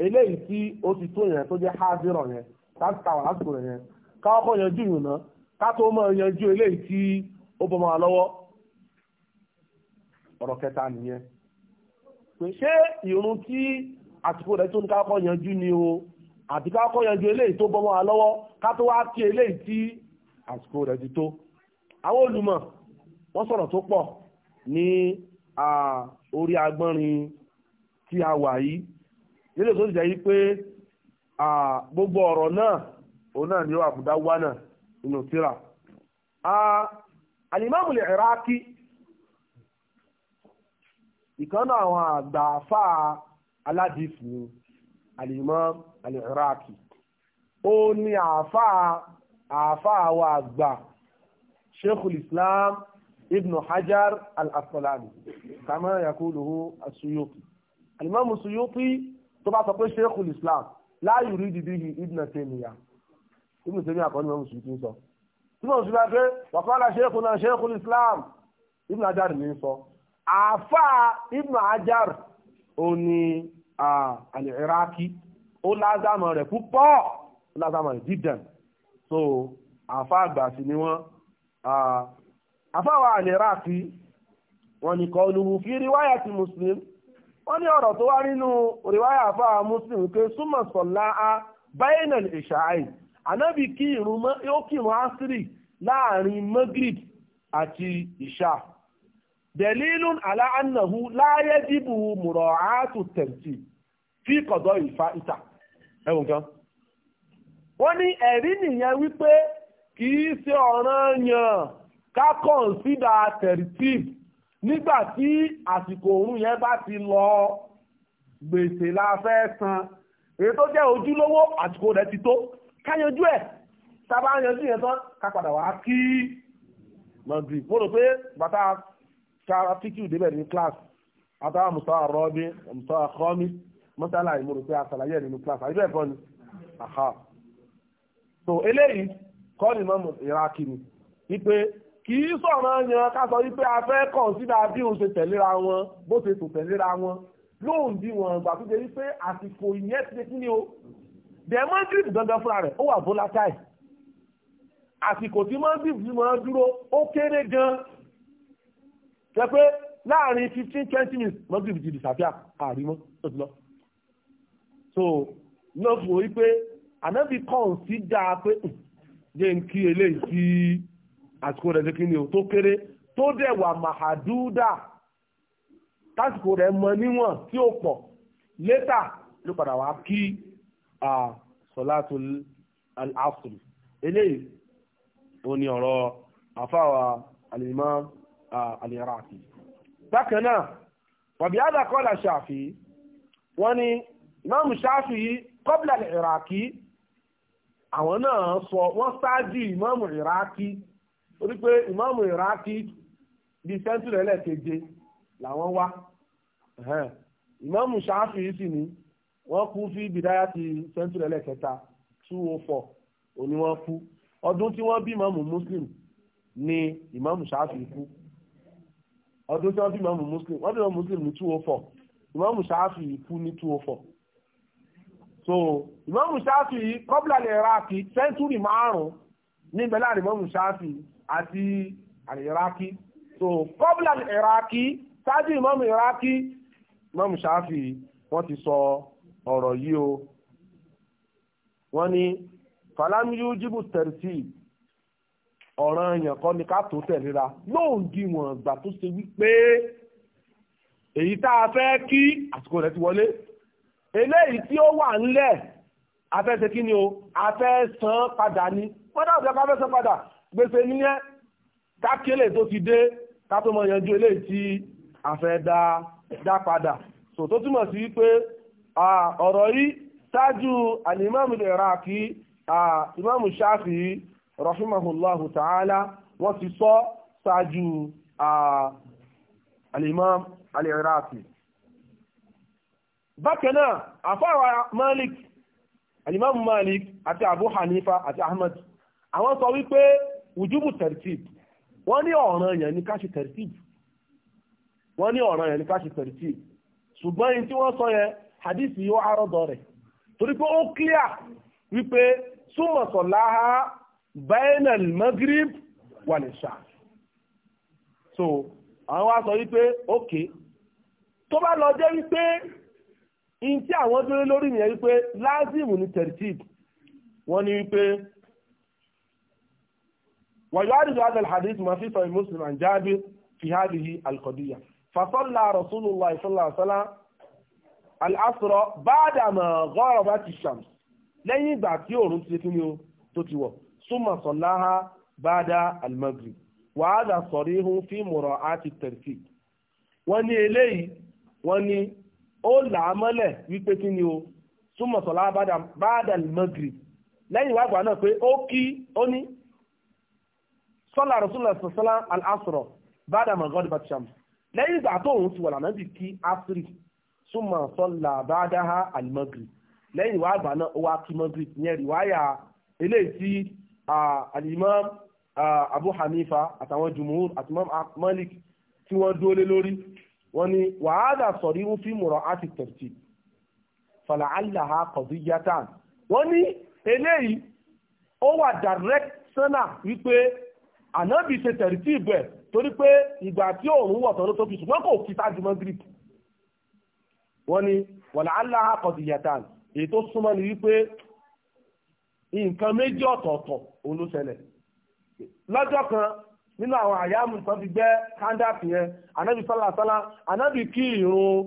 eléyìí tí ó ti tó yẹn tó jẹ́ házírọ̀ yẹn láti tàwọn lásìkò rẹ̀ yẹn ká kọ́kọ́ yanjú ìrùnà ká tó mọ̀ yanjú eléyìí tí ó bọ́ mọ́ lọ́wọ́ ọ̀rọ̀ kẹta nìyẹn pé ṣé ìrun tí àsìkò rẹ̀ tó ń kákọ́ yanjú ni o àti kákọ́ yanjú eléyìí tó bọ́mọ́ wa lọ́wọ́ ká tó wá kí eléyìí tí àsìkò rẹ̀ ti tó àwọn olùmọ̀ wọ́n sọ̀rọ̀ tó pọ̀ ní orí agbọ́nrin tí a wà yìí nílé tó ti jẹ́ yí pé gbogbo ọ̀rọ̀ náà òun náà ni ó àbùdá wá náà nínú tíra. Al-Imam al-Iraqi ìkànnà àwọn àgbà àfà aládìsí ni àlìmọ́ àlìhìráàkì ó ní àfà àfà àwọn àgbà sheikhul islam ibn hajar al-asqalani kàmá yakuluhu asuyuti àlìmọ́ musuyuti tó bá sọ pé sheikhul islam láàyè rí dìbí ibn tèmíyà ibn tèmíyà kọ́ ni wọ́n musuyuti sọ tí wọ́n musuyuti pé wàkọ́lá sheikhuna sheikhul islam ibn hajar ní sọ àáfàá ibn ajar òní al-iraqi ó lázàmọ̀ rẹ̀ púpọ̀ ó lázàmọ̀ rẹ̀ dídàn so àáfàá àgbà sí ni wọ́n àáfàá wa al-iraqi wọ́n ní qawluhu fi riwayati muslim wọ́n ní ọ̀rọ̀ tó wá nínú riwaya àáfàá muslim pé súnmọ̀ sọ̀lá a bayna al-isha'i ànábì kí ìrún yóò kírun asiri láàrin magrib àti isha' dalilun ala annahu la yajibu mura'atu at-tartib fi qada' al-fa'ita ẹ̀wọ̀n kan wọ́n ní ẹ̀rí nìyẹn wípé kì í ṣe ọ̀ranyàn ká kọ̀ǹsídà tartib nígbà tí àsìkò òun yẹn bá ti lọ gbèsè la fẹ́ san èyí tó jẹ́ ojúlówó àsìkò rẹ̀ ti tó ká ẹ̀ tá a bá yanjú yẹn tán ká padà wá kí mọ̀gbì mo rò pé bàtà káfíkìú débẹ̀ ní class àtàwọn mùsọ̀ àrọ́bí mùsọ̀ àkọ́mí mọ́tàlá ìmúrò pé àṣàlàyé nínú class àbí bẹ́ẹ̀ kọ́ ni àhá so eléyìí kọ́ ni mọ́mù ìrákì ni wípé kì í sọ̀rọ̀ yan ká sọ wípé a fẹ́ kàn síta bí òun ṣe tẹ̀léra wọn bó ṣe tò tẹ̀léra wọn lóhùn bí wọn gbà tó ṣe wípé àsìkò ìyẹn ti kí ni o demondrip dandan fúnra rẹ̀ ó wà volatile àsìkò tí mondrip fi máa dúró ó kéré gan-an jẹ́ pé láàrin fifteen twenty minutes mọ́gìrì ti disappear àrímọ́ tó ti lọ. so lọ fún orí pé ànábì kan sí dáa pé jẹ́ ń kí eléyìí sí àsìkò rẹ̀ lékí ni o tó kéré tó dẹ̀ wà màhàdúdà tásìkò rẹ̀ mọ níwọ̀n tí ó pọ̀ létà ló padà wá kí sọ̀látù al-asr eléyìí ó ní ọ̀rọ̀ àfáwà al al-Iraqi bákan náà wàbí àdàkọ́lá ṣàfi wọ́n ní imam ṣàfi qabla al-Iraqi àwọn náà sọ wọ́n ṣáájú imam Iraqi torí pé imam Iraqi bíi sẹ́ńtúrì ẹlẹ́ẹ̀keje làwọn wá imam ṣàfi sì ni wọ́n kú fi bìdáyà ti sẹ́ńtúrì ẹlẹ́ẹ̀kẹta two oh four òní wọ́n kú ọdún tí wọ́n bí imam Muslim ni imam ṣàfi kú ọdún tí wọ́n bí ìmọ̀mù muslim wọ́n bí ìmọ̀mù muslim ní 204 ìmọ̀mù ṣááfì kú ní 204 so ìmọ̀mù ṣááfì kọ́bùlà ní iraki sẹ́ńtúrì márùn-ún ní ìbẹ̀lẹ̀ àrìmọ̀mù ṣááfì àti àrìraki so kọ́bùlà ní iraki ṣáájú ìmọ̀mù iraki ìmọ̀mù ṣááfì wọ́n ti sọ ọ̀rọ̀ yìí o wọ́n ní fàlámíyú jibu tẹ̀rìtì ọ̀ràn èèyàn kọ́ ni ká tó tẹ̀léra lóun díwọ̀n ìgbà tó ṣe wípé èyí tá a fẹ́ kí àsìkò rẹ̀ ti wọlé eléyìí tí ó wà ńlẹ̀ a kí ni o a fẹ́ san padà ni wọ́n dáhùn sí ọkọ̀ a fẹ́ san padà gbèsè nìyẹn kákélé tó ti dé ká tó mọ yanjú eléyìí tí a fẹ́ dá dá padà so tó túmọ̀ sí wípé ọ̀rọ̀ yìí ṣáájú àní ìmáàmù Iraki ìmáàmù Ṣáfi'í rahimahullahu ta'ala wọ́n ti sọ ṣáájú al'imam al-iraqi bákan malik al'imam malik àti abu hanifa àti ahmad àwọn sọ wípé wujubu tartib wọ́n ní ọ̀ràn yẹn ní káṣí tartib wọ́n ní ọ̀ràn yẹn ní káṣí ṣùgbọ́n tí wọ́n sọ yẹn hadith yóò arọ́dọ̀ rẹ̀ torí bainal maghrib wà ní ṣáà so àwọn wá sọ wípé ókè tó bá lọ jẹ́ wípé in tí àwọn dúró lórí nìyẹn wípé lázìmù ní tertib wọ́n ní wípé wàyọ̀ àdìsọ adal hadith ma fi sọ̀rọ̀ muslim and jabir fi hadhihi alqadiyya fasọ́lá rasulullah sallallahu alaihi wasallam al'asra ba'da ma gharabat ash lẹ́yìn ìgbà tí òòrùn ti fi ní o tó ti wọ̀ súnmọ̀ sọ̀láhà bàdà àlùmọ́gìrì wàhálà sọ̀rí hun fi mọ̀rọ̀ àti tẹ̀sí. wọ́n ní eléyìí wọ́n ní ó là á mọ́lẹ̀ wípé kí ni o súnmọ̀ sọ̀láhà bàdà àlùmọ́gìrì lẹ́yìn wàgbà náà pé ó kí ó ní sọ́là rasulullah sọ̀sọ́lá al-asrọ̀ bàdà mọ̀gọ́dì bàtìṣàmù lẹ́yìn ìgbà tó òun ti wà lànà bí kí asiri súnmọ̀ sọ́là bàdà àlùmọ́gìrì lẹ́yìn wàgbà náà ó wá kí mọ́gìrì yẹn rí wáyà eléyìí tí alimam abu hanifa àtàwọn jumhur àti imam malik tí wọ́n dúró lé lórí wọ́n ní wàhálà sọ̀rí ń fi mọ̀rọ̀ àti tẹ̀sí fàlàálàhà kọ̀díyàtà wọ́n ní eléyìí ó wà direct sẹ́nà wípé ànábì ṣe tẹ̀rìtì ìbẹ̀ torí pé ìgbà tí òòrùn wọ̀ tọ́lọ́ fi ṣùgbọ́n kò fi sáájú mọ́ greek wọ́n ní wàlàálàhà kọ̀díyàtà èyí tó súnmọ́ ni wípé nǹkan méjì ọ̀tọ̀ọ̀tọ̀ òun ló ṣẹlẹ̀ lọ́jọ́ kan nínú àwọn àyàmù tó fi gbẹ́ kandaf yẹn anabi sálàsálà anabi kí irun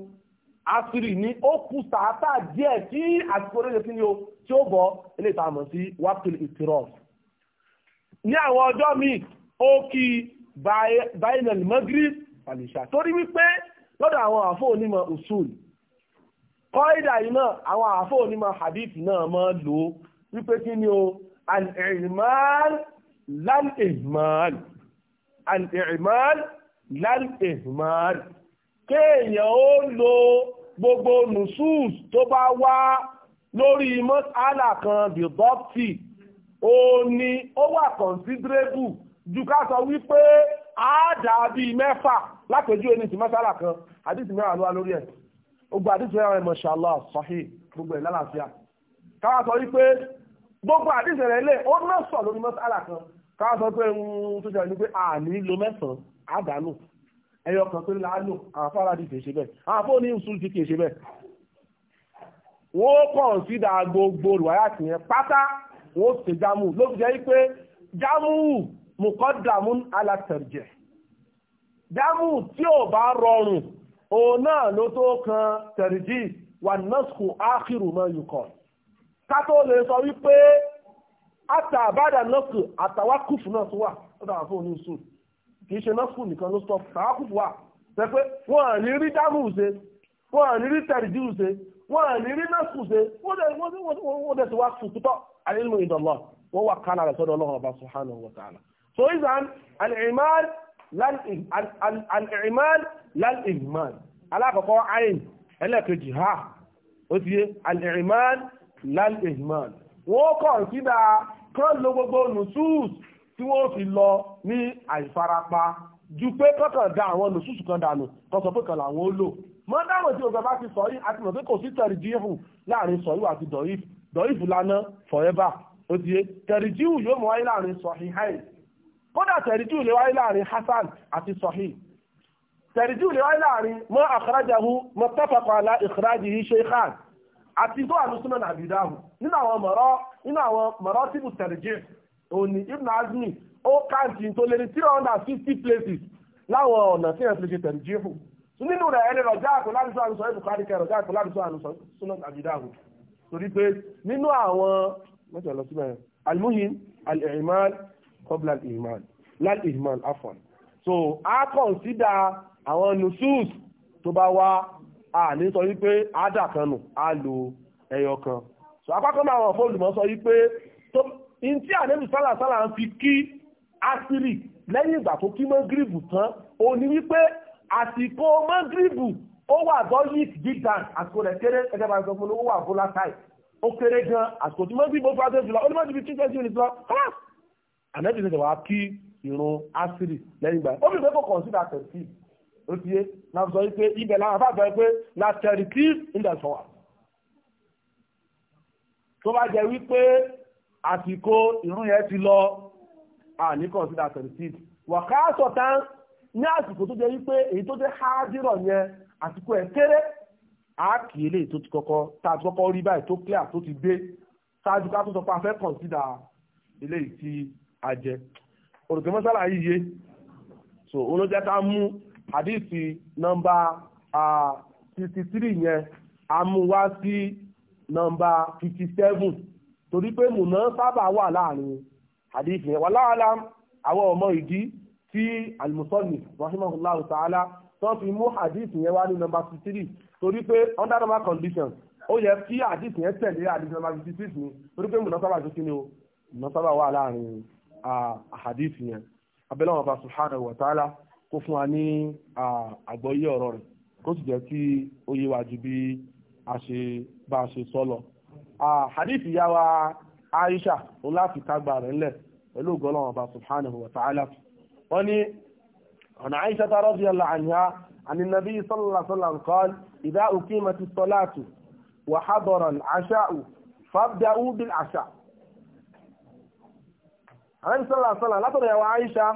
asiri ní ó kù sàátà díẹ̀ tí àsìkò lóye kí ni o tí ó bọ̀ ilé ìta àmọ̀ sí wákìlì ìtìrọ̀ ní àwọn ọjọ́ míì ó kí bainal magrib alisha torí wípé lọ́dọ̀ àwọn àfọ onímọ̀ usul kọ́ìdà yìí náà àwọn àfọ onímọ̀ hadith náà máa lò ó wípé kí ni o al-i'mal lal-ihmal al-i'mal lal-ihmal kéèyàn ó lo gbogbo nusus tó bá wá lórí mọ́sálà kan bí bọ́pì ó ní ó wà considerable ju ká sọ wípé àádá bí mẹ́fà lápẹjú ẹni tí mọ́sálà kan àdìsí mẹ́wàá ló wà lórí ẹ̀ gbogbo àdìsí mẹ́wàá ẹ̀ mashallah gbogbo ẹ̀ lálàáfíà káwá sọ wípé gbogbo àdìsẹ̀ rẹ̀ lè ó ná sọ lórí mọ́sálà kan káwá sọ pé ń tó jẹ́ wípé àní lo mẹ́sàn-án àdánù ẹyọ kan pé láàlò àfáradì kìí ṣe bẹ́ẹ̀ àfóòní ìṣúlù ti kìí ṣe bẹ́ẹ̀ wọ́n kàn sí ìdá gbogbo rìwáyàtì yẹn pátá wọ́n ṣe jámù ló fi jẹ́ wípé jámù mùkọ́dàmú alátẹ̀rẹ̀jẹ̀ jámù tí ò bá rọrùn òun náà ló tó kan tẹ̀rẹ̀jì wà nọ́ọ̀sù áàkìrù mọ́ yukọ̀ọ̀ kátó lè sọ wípé àtà àbádà nọ́ọ̀kù àtàwá kùfù náà tó wà lọ́dọ̀ àwọn fóònù sùn kì í ṣe nọ́ọ̀kù nìkan ló sọ tàwá kùfù wà ṣe pé wọ́n à ní rí dámù ṣe wọ́n à ní rí tẹ̀rìdì ṣe wọ́n à ní rí nọ́ọ̀kù ṣe wọ́n dẹ̀ ti wá fùkútọ́ àlẹ́lùmí ìdọ̀lọ́ wọ́n wà kánà rẹ̀ sọ́dọ̀ ọlọ́run ọba lal-ihmal wọ́n kọ̀ǹsídà kán lo gbogbo nùsùs tí wọ́n fi lọ ní àìfarapa ju pé kọ́kàn da àwọn nùsùs kan dànù kan sọ pé kan làwọn ó lò mọ́dáwọ̀ tí ògbà bá ti sọ yìí àti mọ̀ kò sí tẹ̀rìjíhù láàrin sọ àti dọ̀yìf dọ̀yìf lana forever ó ti yé tẹ̀rìjíhù yóò mọ̀ wáyé láàrin sọ̀híhàì kódà tẹ̀rìjíhù lè wáyé láàrin hasan àti sọ̀híhì tẹ̀rìjíhù lè wáyé láàrin mọ́ àkàrájàhu mọ́ tọ́fàkọ̀ àlá ìkàrájì yìí ṣe khan àti tó àlùsùnà nàbìdáhù nínú àwọn mọ̀rọ́ nínú àwọn mọ̀rọ́ tìbù tẹ̀rẹ̀jẹ̀ òní ibn azmi ó káàntì tó lé ní three hundred and fifty places láwọn ọ̀nà tí wọ́n fi ṣe tẹ̀rẹ̀jẹ̀ hù nínú rẹ̀ ẹni rọ̀já àkó láti sọ àlùsọ ìbùkún àdìkẹ́ rọ̀já àkó láti sọ àlùsùnà nàbìdáhù torí pé nínú àwọn mẹ́tọ̀ lọ síbẹ̀ alimuhin al-iman qabla al-iman lal-iman afwan so a consider àwọn nusus tó bá wá a ní sọ wípé ádà kan nù á lo ẹyọ kan so apákan máa wọ̀ fóònù mọ́ sọ wípé tó in tí ànẹ́bì sálàsálà ń fi kí asiri. lẹ́yìn ìgbà tó kí mọ́gírìbù tán ó ní wípé àsìkò mọ́gírìbù ó wà dọ́yìk dídàn àsìkò rẹ̀ kéré ẹgbẹ́ bá sọ fún un ó wà volatile ó kéré gan àsìkò tí mọ́gírìbù ó fún adé jùlọ ó ní mọ́gírìbù tí jẹ́sí ìrìn lọ kọ́lá ànẹ́bì sẹ̀sẹ̀ wá kí ìrun ásírì lẹ́yìn ìgbà ó fi pé kò kàn sí La náà sọ wípé ibẹ̀ làwọn afáàfẹ́ wípé lasterity indẹ̀sọ̀wà tó bá jẹ́ wípé àsìkò ìrun yẹn ti lọ àníkọ̀ sí lasterity wàkásọ̀ tán ní àsìkò tó jẹ́ wípé èyí tó jẹ́ hádìrọ̀ yẹn àsìkò ẹ̀ kéré àákì ilé tó ti kọ́kọ́ tá a ti kọ́kọ́ rí báyìí tó clear tó ti dé ṣáájú ká tó sọ pé a fẹ́ consider ilé tí a jẹ olùkọ́ mọ́sálà yìí yé so olójẹ́ ká mú hadithi nọ́mbà sixty three yẹn a mú wá sí nọ́mbà fifty seven torí pé mùnà sábà wà láàrin hadithi yẹn wallahu alam àwọn ọmọ ìdí tí al-musannif rahimahullahu ta'ala tó fi mú hadith yẹn wá ní nọ́mbà fifty three torí pé under normal conditions ó yẹ kí hadith yẹn tẹ̀lé hadith nọ́mbà fifty six ni torí pé mùnà sábà tó kí ni o mùnà sábà wà láàrin hadith yẹn abẹ́lẹ́wọ̀n bá subhanahu wa ta'ala kó fún wa ní àgbọ́yé ọ̀rọ̀ rẹ̀ kó sì jẹ́ kí ó yé wa ju bí a ṣe bá a ṣe sọ lọ. hadith ìyá wa Aisha ó láti kágbà rẹ̀ ńlẹ̀ pẹ̀lú ògbọ́lọ́wọ̀n ọba subhanahu wa ta'ala wọ́n ní ọ̀nà Aisha ta radiyallahu anha عن النبي صلى الله عليه وسلم قال إذا أقيمت الصلاة وحضر العشاء فابدأوا بالعشاء. Àrẹ́bí sọ́lá sọ́lá látọ̀dọ̀ ẹ̀wà Aisha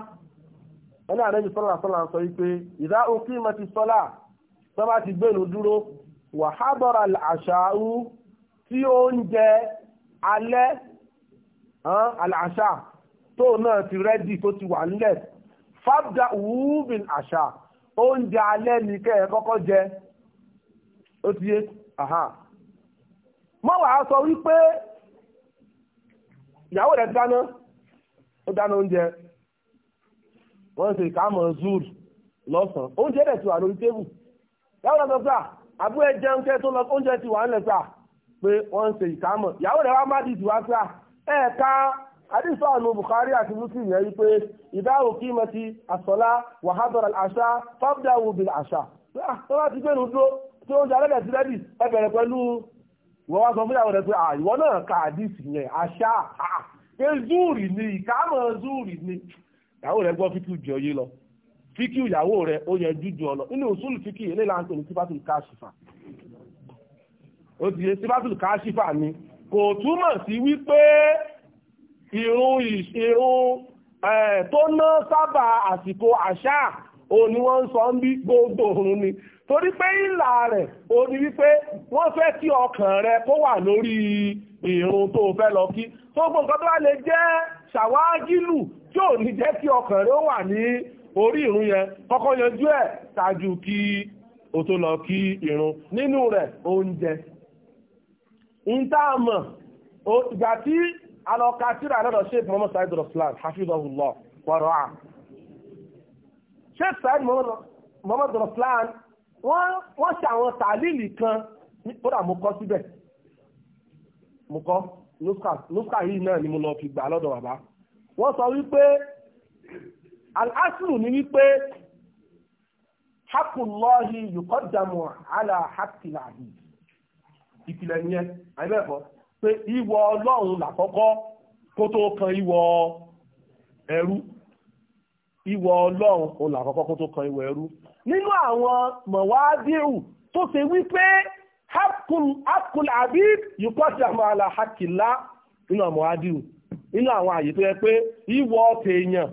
ẹni àrẹ́bí sọ́là sọ́là sọ wípé ìdá òkè mọ́ ti sọ́là tó bá ti gbẹ̀nu dúró wàhábọ̀rà àṣàrú tí oúnjẹ alẹ́ àṣà tó náà ti rẹ́dì tó ti wà nílẹ̀ fábdà wúbìn àṣà oúnjẹ alẹ́ ní kẹ́ẹ̀ kọ́kọ́ jẹ ó ti yé mọ́ wàá sọ wípé ìyàwó rẹ̀ dáná ó dáná oúnjẹ wọ́n ṣe ìkámọ̀ zúùrù lọ́sàn-án oúnjẹ rẹ̀ ti wà lórí tébù yàwó lọ́sọ̀ sà àbú ẹ jẹun kẹ́ tó lọ oúnjẹ ti wà ń lẹ̀ sà pé wọ́n ṣe ìkámọ̀ yàwó rẹ̀ wá má dìdì wá sà ẹ̀ẹ̀ka àdìsọ́ àánú Bukhari àti Muslim yẹn wípé ìdáhù kí mọ ti àsọlá wàhádọ́rà àṣà fábdà wù bìlà àṣà tó bá ti gbé nu dúró tí oúnjẹ alẹ́ ti rẹ́dì ẹ bẹ̀rẹ̀ pẹ̀lú ìwọ wá sọ fúnyàwó rẹ pé ìwọ náà ka àdìsí yẹn àṣà ké zúùrì ni ìkámọ̀ zúùrì ni ìyàwó rẹ̀ gbọ́ fíkì jọ yé lọ fíkì ìyàwó rẹ̀ ó yẹ jújù ọ lọ nínú òṣùlù fíkì ilé là ń pè ní sífàtù káṣífà ó ti yé sífàtù káṣífà ni kò túmọ̀ sí wípé ìrun ìṣerun tó ná sábà àsìkò àṣà òun ni wọ́n ń sọ ń bí gbogbo òun ni torí pé ìlà rẹ̀ ó ní wípé wọ́n fẹ́ kí ọkàn rẹ̀ kó wà lórí ìrun tó fẹ́ lọ kí tó gbogbo nǹkan tó wà lè jẹ́ ṣàwágìlù tí ò ní jẹ́ kí ọkàn rẹ̀ ó wà ní orí ìrun yẹn kọ́kọ́ yanjú ẹ̀ ṣáájú kí o tó lọ kí ìrun nínú rẹ̀ oúnjẹ ń tá a mọ̀ ìgbà tí alọ́ka tíra lọ́dọ̀ ṣe mọ́mọ́ Said Ruslan hafizahullah wọ́rọ̀ à ṣe Said mọ́mọ́ Ruslan wọ́n ṣe àwọn tàlílì kan kódà mo kọ́ síbẹ̀ mo kọ́ lóṣà yìí náà ni mo lọ fi gbà lọ́dọ̀ bàbá wọ́n sọ wípé al-aslu ni wípé haqullahi yuqaddamu ala haqqil abid ìpìlẹ̀ nìyẹn àìbẹ́ẹ̀kọ́ pé ìwọ ọlọ́run làkọ́kọ́ kó tó kan ìwọ ẹrú ìwọ ọlọ́run òun làkọ́kọ́ kó tó kan ìwọ ẹrú nínú àwọn mọ̀wádìí tó ṣe wípé haqqul abid yuqaddamu ala haqqillah nínú àwọn nínú àwọn àyè tó yẹ pé ìwọ ọ̀tẹ̀ èèyàn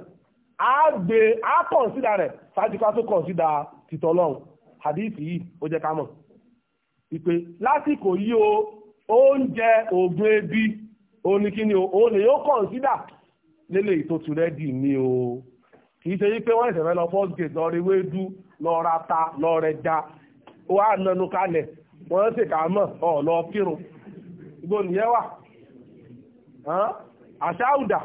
á gbé á ṣáájú ká tó kọ̀ǹsídà tìtọ̀ lọ́hùn àdìsí yìí ó ká ìpè lásìkò yìí o oúnjẹ oògùn ebi onikini o lè yóò kọ̀ǹsídà lélẹ̀ ìtòtù rẹ̀ dì ní o kì í ṣe yí pé lọ first gate lọ rí lọ ra ta lọ rẹ nanu ṣèkà mọ ọ lọ kírun wà. àṣáùdà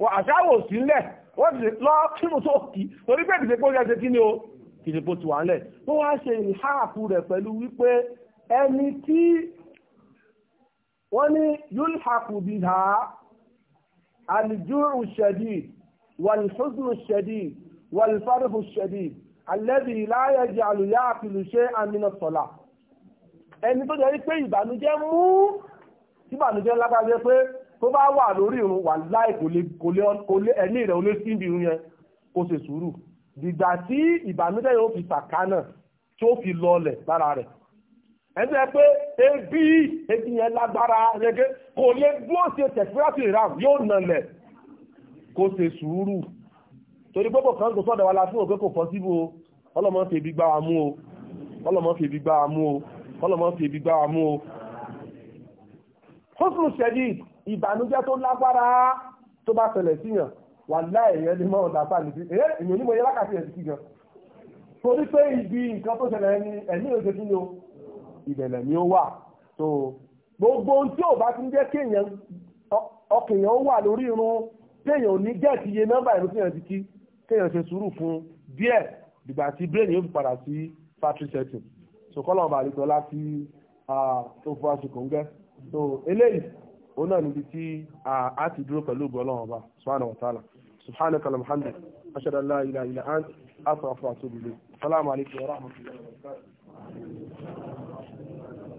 wọ́n àṣáwò sílẹ̀ wọ́n ti lọ kínú tó kì torí pé ìdìbò pé ó ṣe kí ni o ìdìbò ti wà ńlẹ̀ tó wá ṣe ìháàpù rẹ̀ pẹ̀lú wípé ẹni tí wọ́n ní yulhaqu biha al-ju'u ash-shadid wal-huznu ash-shadid wal-farhu ash-shadid alladhi la yaj'alu ẹni tó jẹ́ wípé ìbànújẹ́ mú ìbànújẹ́ lágbára pé tó bá wà lórí irun wà láì kò lé ẹni rẹ̀ olé síbi irun yẹn kó ṣe sùúrù dìgbà tí ìbànújẹ́ yóò fi sàkánà tí ó fi lọlẹ̀ lára rẹ̀ ẹni tẹ́ pé ebi ebi yẹn lágbára rege kò lè dúró ṣe tẹ̀síwájú ìram yóò nàlẹ̀ kó ṣe sùúrù torí pé kò kàn kò sọ̀dọ̀ wa la fún òkè kò pọ́síbù o ọlọ́mọ fi ibi gbá wa mú o ọlọ́mọ fi ibi gbá wa mú o ọlọ́mọ fi ibi gbá wa mú o. Husnu Shadid ìbànújẹ́ tó lágbára tó bá ṣẹlẹ̀ síyàn wà láì yẹn ní mọ́ ọ̀dà sáà nìsí èyẹ ìyẹn onímọ̀ yẹn lákàtí ẹ̀ sí gan torí pé ibi nǹkan tó ṣẹlẹ̀ ẹni ẹ̀mí òṣèlú kí ni o ìbẹ̀lẹ̀ ni ó wà so gbogbo ohun tí ò bá ti ń jẹ́ kéèyàn ọkèèyàn ó wà lórí irun kéèyàn ò ní gẹ̀ẹ́tì iye nọ́mbà ìrún kéèyàn ti kí kéèyàn ṣe sùúrù fún díẹ̀ dìgbà tí brain yóò fi padà sí factory setting so kọ́lọ̀ ọba àlejò ọlá tí ah, tó fọ́ àṣekò ń gẹ́ so eléyìí ó náà níbi tí a ti dúró pẹ̀lú ọlọ́run ọba subhanahu wa ta'ala subhanaka alhamdulilayi ashhadu an la ilaha illa ant astaghfiruka wa atubu ilayk alaykum wa rahmatullahi wa barakatuh